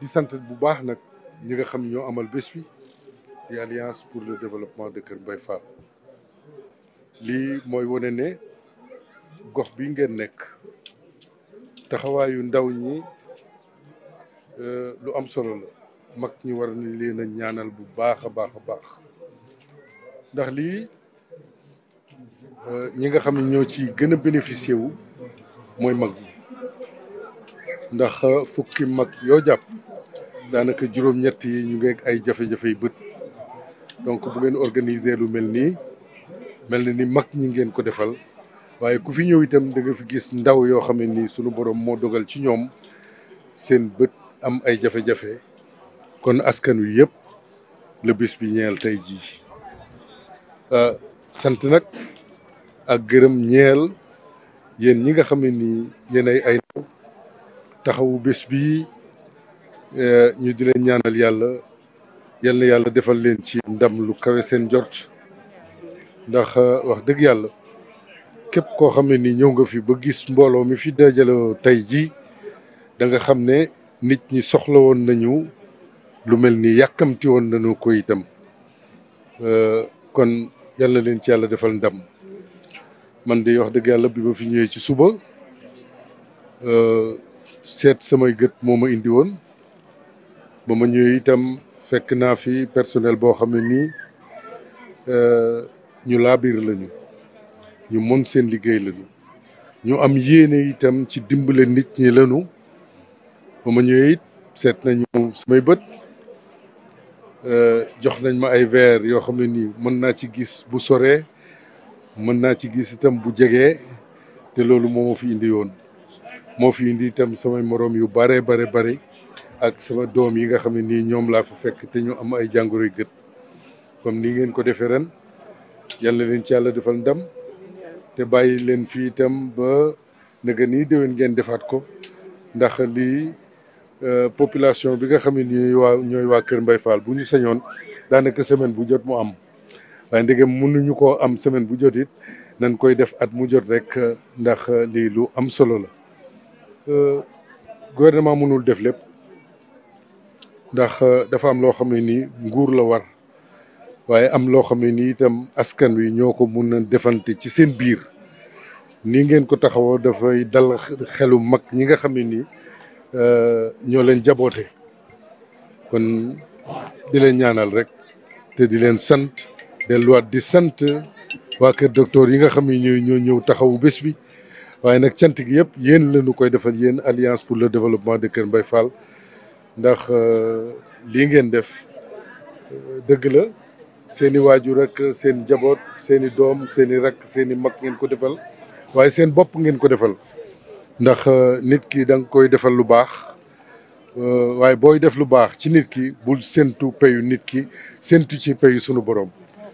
di sant bu baax nag ñi nga xam ñoo amal bés bi di alliance pour le développement de Kër Mbaye Fall lii mooy wane ne gox bi ngeen nekk taxawaayu ndaw ñi euh, lu am solo la mag ñi war nañ leen a ñaanal bu baax a baax a baax ndax lii euh, ñi nga xam ne ñoo ci gën a bénéficier wu mooy mag ñi ndax euh, fukki mag yoo jàpp daanaka juróom-ñett yi ñu ngi ay jafe-jafe bët donc bu ngeen organiser lu mel nii mel na ni mag ñi ngeen ko defal waaye ku fi ñëw itam da fi gis ndaw yoo xam ne nii sunu borom moo dogal ci ñoom seen bët am ay jafe-jafe kon askan wi yëpp la bis bi ñeel tey jii euh, sant nag ak gërëm ñeel. yéen ñi nga xam ne nii yéen ay ay taxawu bés bi eh, ñu di leen ñaanal yàlla yal yàlla defal leen ci ndam lu kawe seen jort ndax eh, wax dëgg yàlla képp koo xam ne nii ñëw nga fi ba gis mbooloo mi fi dajaloo tey jii da nga xam ne nit ñi soxla woon nañu lu mel ni yàkkamti woon nañu ko itam eh, kon yàlla leen ci yàlla defal ndam. man di wax dëgg yàlla bi ma fi ñëwee ci suba euh, seet samay gët mooma ma indi woon ba ma ñëwee itam fekk naa fi personnel boo xam ne nii euh, ñu laabir lañu ñu mën seen liggéey lañu ñu am yéene itam ci dimbale nit ñi lañu ba ma ñëwee it seet nañu samay bët euh, jox nañ ma ay verre yoo xam ne nii mën naa ci gis bu soree mën naa ci gis itam bu jegee te loolu moo ma fi indi woon moo fi indi itam samay moroom yu bare bare bare ak sama doom yi nga xam ne nii ñoom laa fa fekk te ñu am ay jàngoro gët comme nii ngeen ko defee ren yàlla leen ci yàlla defal ndam te bàyyi leen fii itam ba nga nii déwén ngeen defaat ko ndax lii euh, population bi nga xam ne nii waa ñooy waa Kër mbay Fall bu ñu sañoon daanaka semaine bu jot mu am. waaye ndegem mënuñu ko am semaine bu jot it nañ koy def at mu jot rek ndax lii lu am solo la euh, gouvernement mënul def lépp ndax euh, dafa am loo xam ne nii nguur la war waaye am loo xam ne nii itam askan wi ñoo ko mun a defante ci seen biir ni ngeen ko taxawoo dafay dal xelu mag ñi nga xam ne nii euh, ñoo leen jaboote kon di leen ñaanal rek te di leen sant delluwaat di sant waa kër docteur yi nga xam ne ñooy ñoo ñëw taxawu bés bi waaye nag cant gi yëpp yéen la ñu koy defal yéen alliance pour le développement de Kër Mbaye Fall ndax euh, lii ngeen def euh, dëgg la seeni i waajur ak seen jaboot seeni i doom seen i rakk seen i mag ngeen ko defal waaye seen bopp ngeen ko defal ndax euh, nit ki da koy defal lu baax waaye booy def lu baax ci nit ki bul séntu payu nit ki séntu ci payu sunu borom.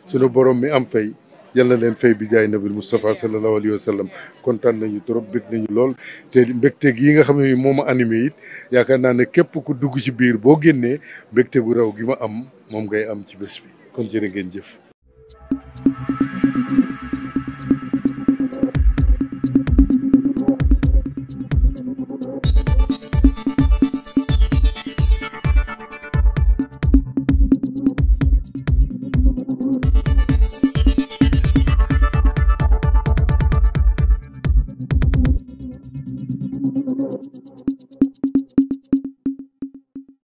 sunu borom mi am fay yal na leen fay bi jaay nabil Moustapha sallallahu alayhi wa sallam kontaan nañu trop bég nañu lool. te mbégte gi nga xam ne moo ma animé it yaakaar naa ne képp ku dugg ci biir boo génnee mbégte gu raw gi ma am moom ngay am ci bés bi kon jërë ngeen jëf.